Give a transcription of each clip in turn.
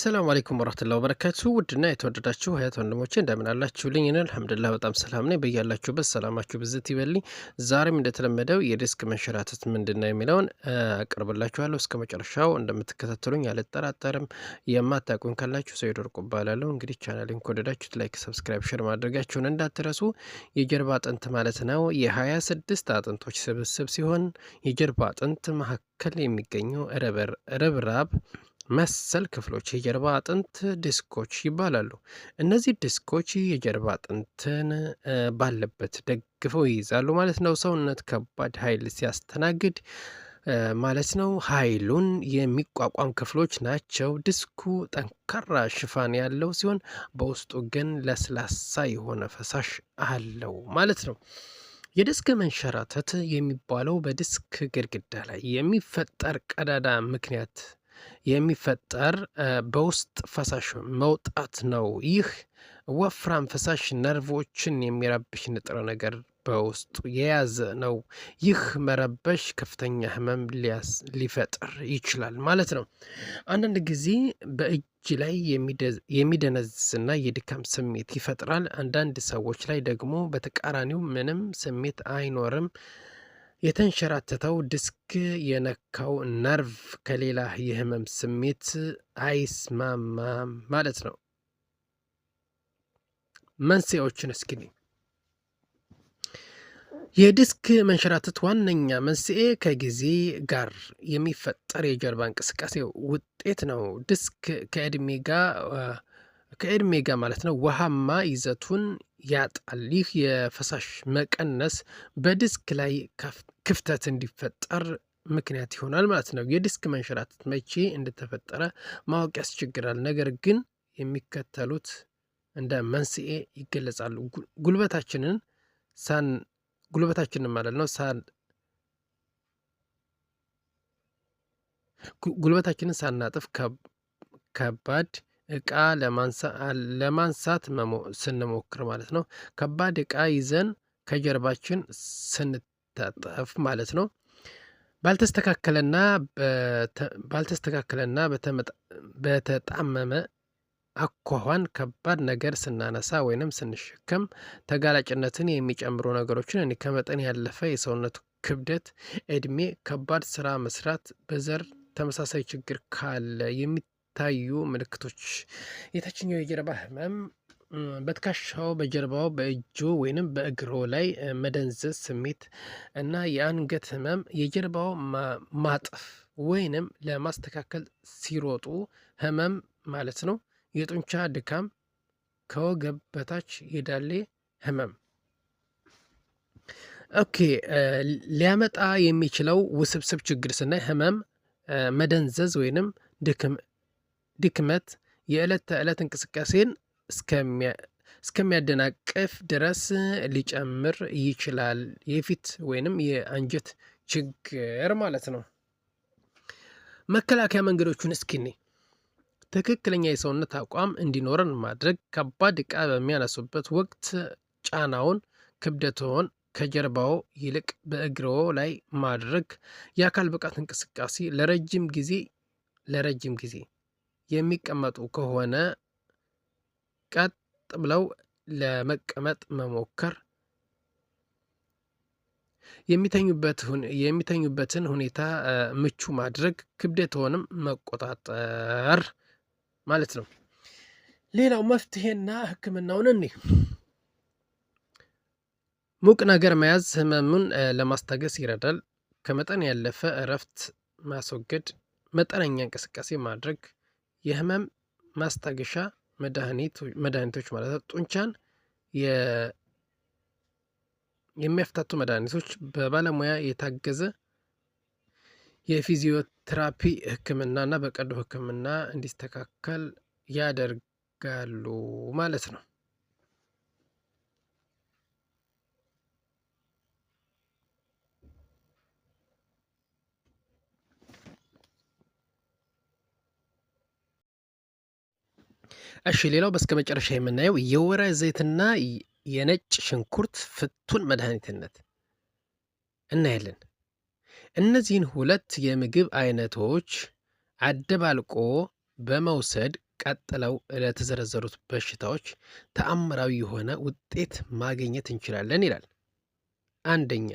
ሰላም አለይኩም ወራህመቱላሂ ወበረካቱ። ውድና የተወደዳችሁ ሀያት ወንድሞቼ እንደምን አላችሁልኝ? እኔ አልሐምዱሊላህ በጣም ሰላም ነኝ። በያላችሁበት ሰላማችሁ ብዝት ይበልኝ። ዛሬም እንደተለመደው የዲስክ መንሸራተት ምንድን ነው የሚለውን አቀርብላችኋለሁ። እስከ መጨረሻው እንደምትከታተሉኝ አልጠራጠርም። የማታውቁኝ ካላችሁ ሰው ይደርቁ እባላለሁ። እንግዲህ ቻናሌን ከወደዳችሁት ላይክ፣ ሰብስክራይብ፣ ሼር ማድረጋችሁን እንዳትረሱ። የጀርባ አጥንት ማለት ነው የሀያ ስድስት አጥንቶች ስብስብ ሲሆን የጀርባ አጥንት መካከል የሚገኘው ረብራብ መሰል ክፍሎች የጀርባ አጥንት ዲስኮች ይባላሉ። እነዚህ ዲስኮች የጀርባ አጥንትን ባለበት ደግፈው ይይዛሉ ማለት ነው። ሰውነት ከባድ ኃይል ሲያስተናግድ ማለት ነው ኃይሉን የሚቋቋም ክፍሎች ናቸው። ዲስኩ ጠንካራ ሽፋን ያለው ሲሆን በውስጡ ግን ለስላሳ የሆነ ፈሳሽ አለው ማለት ነው። የዲስክ መንሸራተት የሚባለው በዲስክ ግድግዳ ላይ የሚፈጠር ቀዳዳ ምክንያት የሚፈጠር በውስጥ ፈሳሽ መውጣት ነው። ይህ ወፍራም ፈሳሽ ነርቮችን የሚረብሽ ንጥረ ነገር በውስጡ የያዘ ነው። ይህ መረበሽ ከፍተኛ ህመም ሊፈጥር ይችላል ማለት ነው። አንዳንድ ጊዜ በእጅ ላይ የሚደነዝዝና የድካም ስሜት ይፈጥራል። አንዳንድ ሰዎች ላይ ደግሞ በተቃራኒው ምንም ስሜት አይኖርም። የተንሸራተተው ዲስክ የነካው ነርቭ ከሌላ የህመም ስሜት አይስማማም ማለት ነው። መንስኤዎችን እስኪ የዲስክ መንሸራተት ዋነኛ መንስኤ ከጊዜ ጋር የሚፈጠር የጀርባ እንቅስቃሴ ውጤት ነው። ዲስክ ከእድሜ ጋር ከዕድሜ ጋር ማለት ነው ውሃማ ይዘቱን ያጣል። ይህ የፈሳሽ መቀነስ በዲስክ ላይ ክፍተት እንዲፈጠር ምክንያት ይሆናል ማለት ነው። የዲስክ መንሸራተት መቼ እንደተፈጠረ ማወቅ ያስቸግራል። ነገር ግን የሚከተሉት እንደ መንስኤ ይገለጻሉ። ጉልበታችንን ሳን ጉልበታችንን ማለት ነው ሳን ጉልበታችንን ሳናጥፍ ከባድ እቃ ለማንሳት ስንሞክር ማለት ነው። ከባድ እቃ ይዘን ከጀርባችን ስንታጠፍ ማለት ነው። ባልተስተካከለና ባልተስተካከለና በተጣመመ አኳኋን ከባድ ነገር ስናነሳ ወይንም ስንሸከም ተጋላጭነትን የሚጨምሩ ነገሮችን እኔ ከመጠን ያለፈ የሰውነት ክብደት፣ እድሜ፣ ከባድ ስራ መስራት፣ በዘር ተመሳሳይ ችግር ካለ የሚ የሚታዩ ምልክቶች የታችኛው የጀርባ ህመም በትከሻው፣ በጀርባው፣ በእጁ ወይንም በእግሮ ላይ መደንዘዝ ስሜት እና የአንገት ህመም፣ የጀርባው ማጠፍ ወይንም ለማስተካከል ሲሮጡ ህመም ማለት ነው። የጡንቻ ድካም፣ ከወገብ በታች የዳሌ ህመም። ኦኬ ሊያመጣ የሚችለው ውስብስብ ችግር ስናይ ህመም፣ መደንዘዝ ወይንም ድክመት የዕለት ተዕለት እንቅስቃሴን እስከሚያደናቅፍ ድረስ ሊጨምር ይችላል። የፊት ወይንም የአንጀት ችግር ማለት ነው። መከላከያ መንገዶቹን እስኪኔ ትክክለኛ የሰውነት አቋም እንዲኖረን ማድረግ ከባድ ዕቃ በሚያነሱበት ወቅት ጫናውን ክብደትዎን ከጀርባው ይልቅ በእግሮ ላይ ማድረግ የአካል ብቃት እንቅስቃሴ ለረጅም ጊዜ ለረጅም ጊዜ የሚቀመጡ ከሆነ ቀጥ ብለው ለመቀመጥ መሞከር፣ የሚተኙበትን ሁኔታ ምቹ ማድረግ፣ ሆንም መቆጣጠር ማለት ነው። ሌላው መፍትሄና ሕክምናውን እኒህ ሙቅ ነገር መያዝ ህመሙን ለማስታገስ ይረዳል። ከመጠን ያለፈ እረፍት ማስወገድ፣ መጠነኛ እንቅስቃሴ ማድረግ የህመም ማስታገሻ መድኃኒቶች ማለት ነው። ጡንቻን የሚያፍታቱ መድኃኒቶች በባለሙያ የታገዘ የፊዚዮቴራፒ ህክምናና በቀዶ ህክምና እንዲስተካከል ያደርጋሉ ማለት ነው። እሺ ሌላው በስከ መጨረሻ የምናየው የወይራ ዘይትና የነጭ ሽንኩርት ፍቱን መድኃኒትነት እናያለን። እነዚህን ሁለት የምግብ አይነቶች አደባልቆ በመውሰድ ቀጥለው ለተዘረዘሩት በሽታዎች ተአምራዊ የሆነ ውጤት ማግኘት እንችላለን ይላል። አንደኛ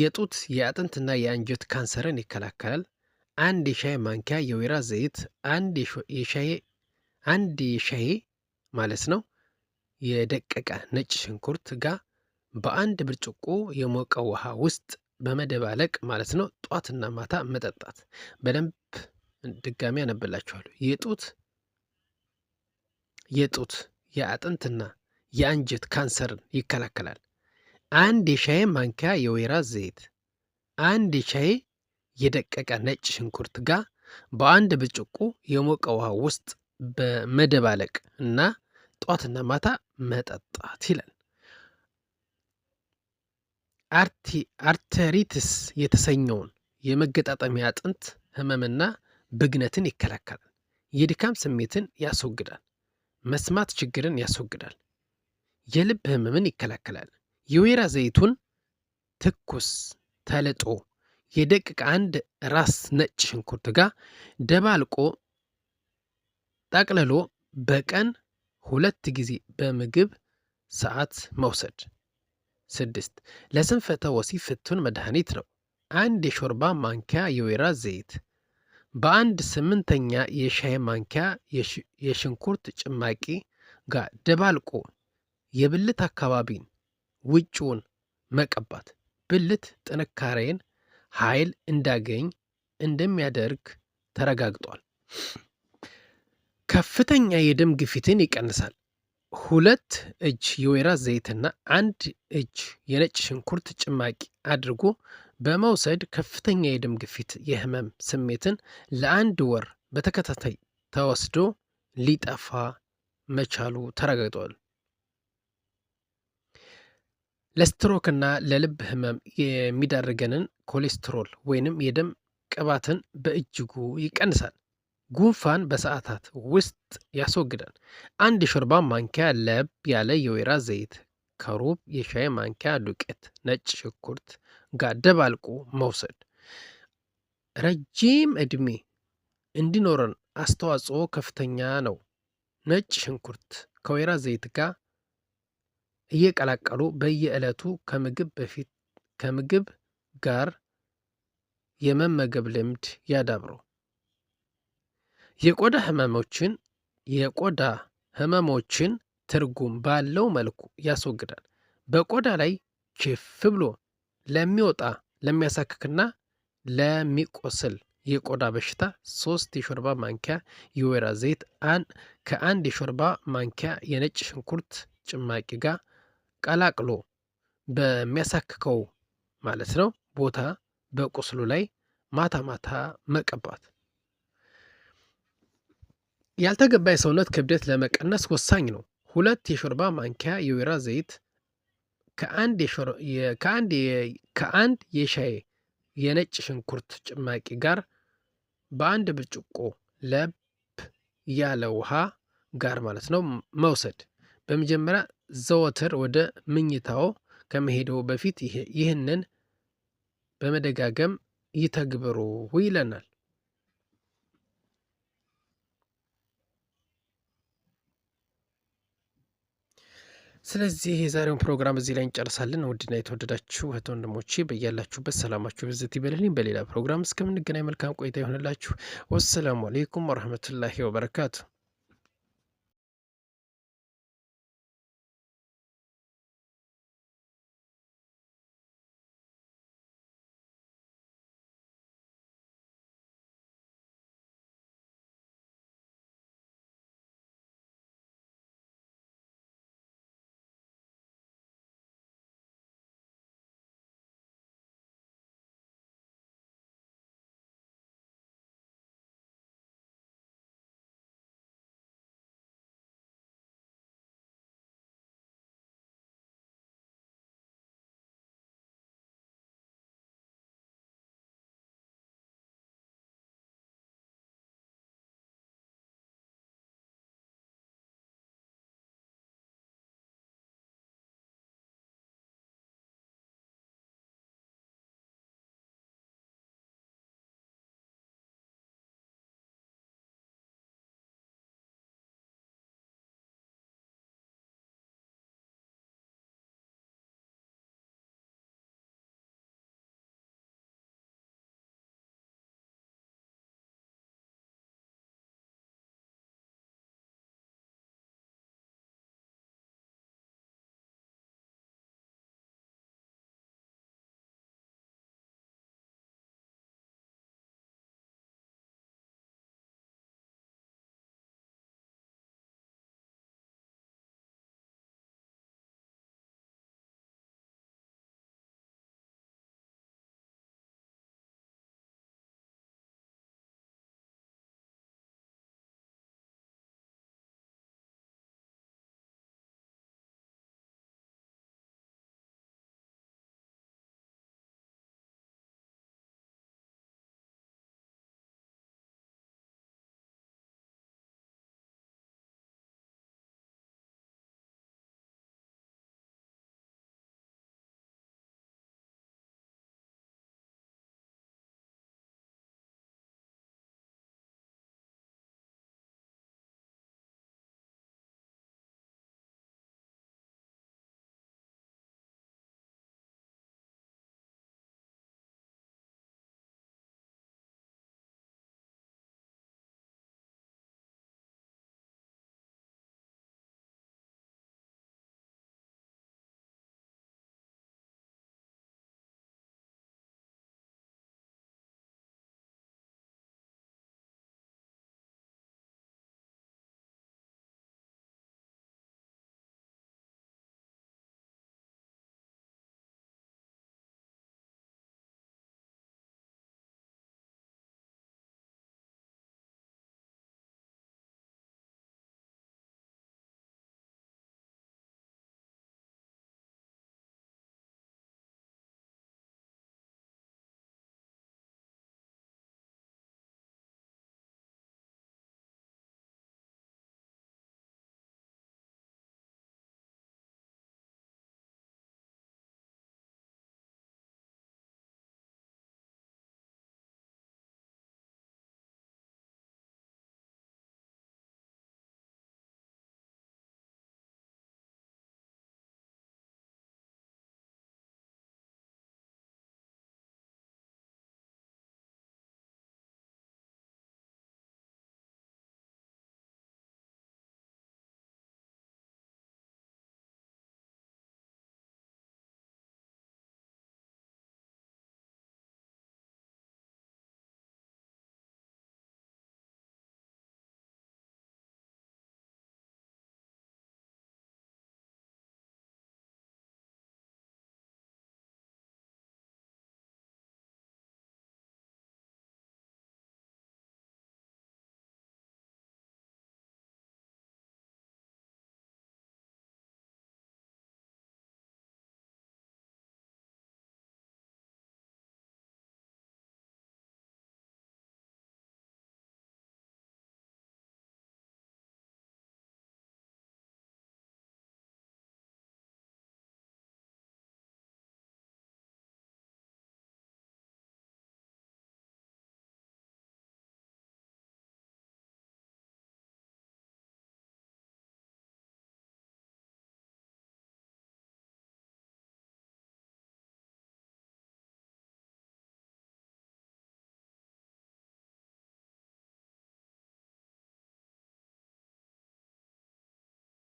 የጡት የአጥንትና የአንጀት ካንሰርን ይከላከላል። አንድ የሻይ ማንኪያ የወይራ ዘይት አንድ የሻይ አንድ ሻይ ማለት ነው የደቀቀ ነጭ ሽንኩርት ጋር በአንድ ብርጭቆ የሞቀ ውሃ ውስጥ በመደባለቅ ማለት ነው ጧትና ማታ መጠጣት። በደንብ ድጋሚ ያነብላችኋሉ። የጡት የጡት የአጥንትና የአንጀት ካንሰርን ይከላከላል። አንድ የሻይ ማንኪያ የወይራ ዘይት አንድ የሻይ የደቀቀ ነጭ ሽንኩርት ጋር በአንድ ብርጭቆ የሞቀ ውሃ ውስጥ በመደባለቅ እና ጠዋትና ማታ መጠጣት ይላል። አርተሪትስ የተሰኘውን የመገጣጠሚያ አጥንት ህመምና ብግነትን ይከላከላል። የድካም ስሜትን ያስወግዳል። መስማት ችግርን ያስወግዳል። የልብ ህመምን ይከላከላል። የወይራ ዘይቱን ትኩስ ተልጦ የደቂቃ አንድ ራስ ነጭ ሽንኩርት ጋር ደባልቆ ጠቅልሎ በቀን ሁለት ጊዜ በምግብ ሰዓት መውሰድ። ስድስት ለስንፈተ ወሲብ ፍቱን መድኃኒት ነው። አንድ የሾርባ ማንኪያ የወይራ ዘይት በአንድ ስምንተኛ የሻይ ማንኪያ የሽንኩርት ጭማቂ ጋር ደባልቆ የብልት አካባቢን ውጭውን መቀባት ብልት ጥንካሬን ኃይል እንዳገኝ እንደሚያደርግ ተረጋግጧል። ከፍተኛ የደም ግፊትን ይቀንሳል። ሁለት እጅ የወይራ ዘይትና አንድ እጅ የነጭ ሽንኩርት ጭማቂ አድርጎ በመውሰድ ከፍተኛ የደም ግፊት የህመም ስሜትን ለአንድ ወር በተከታታይ ተወስዶ ሊጠፋ መቻሉ ተረጋግጧል። ለስትሮክና ለልብ ህመም የሚዳርገንን ኮሌስትሮል ወይንም የደም ቅባትን በእጅጉ ይቀንሳል። ጉንፋን በሰዓታት ውስጥ ያስወግዳል። አንድ የሾርባ ማንኪያ ለብ ያለ የወይራ ዘይት ከሩብ የሻይ ማንኪያ ዱቄት ነጭ ሽንኩርት ጋር ደባልቁ መውሰድ ረጅም ዕድሜ እንዲኖረን አስተዋጽኦ ከፍተኛ ነው። ነጭ ሽንኩርት ከወይራ ዘይት ጋር እየቀላቀሉ በየዕለቱ ከምግብ በፊት ከምግብ ጋር የመመገብ ልምድ ያዳብረው። የቆዳ ህመሞችን የቆዳ ህመሞችን ትርጉም ባለው መልኩ ያስወግዳል። በቆዳ ላይ ችፍ ብሎ ለሚወጣ ለሚያሳክክና ለሚቆስል የቆዳ በሽታ ሶስት የሾርባ ማንኪያ የወይራ ዘይት ከአንድ የሾርባ ማንኪያ የነጭ ሽንኩርት ጭማቂ ጋር ቀላቅሎ በሚያሳክከው ማለት ነው ቦታ በቁስሉ ላይ ማታ ማታ መቀባት ያልተገባ የሰውነት ክብደት ለመቀነስ ወሳኝ ነው። ሁለት የሾርባ ማንኪያ የወይራ ዘይት ከአንድ የሻይ የነጭ ሽንኩርት ጭማቂ ጋር በአንድ ብርጭቆ ለብ ያለ ውሃ ጋር ማለት ነው መውሰድ። በመጀመሪያ ዘወትር ወደ ምኝታው ከመሄደው በፊት ይህንን በመደጋገም ይተግብሩ ይለናል። ስለዚህ የዛሬውን ፕሮግራም እዚህ ላይ እንጨርሳለን። ውድና የተወደዳችሁ እህት ወንድሞቼ በያላችሁበት ሰላማችሁ ብዝት ይበልልኝ። በሌላ ፕሮግራም እስከምንገናኝ መልካም ቆይታ ይሆንላችሁ። ወሰላሙ አሌይኩም ወረህመቱላሂ ወበረካቱ።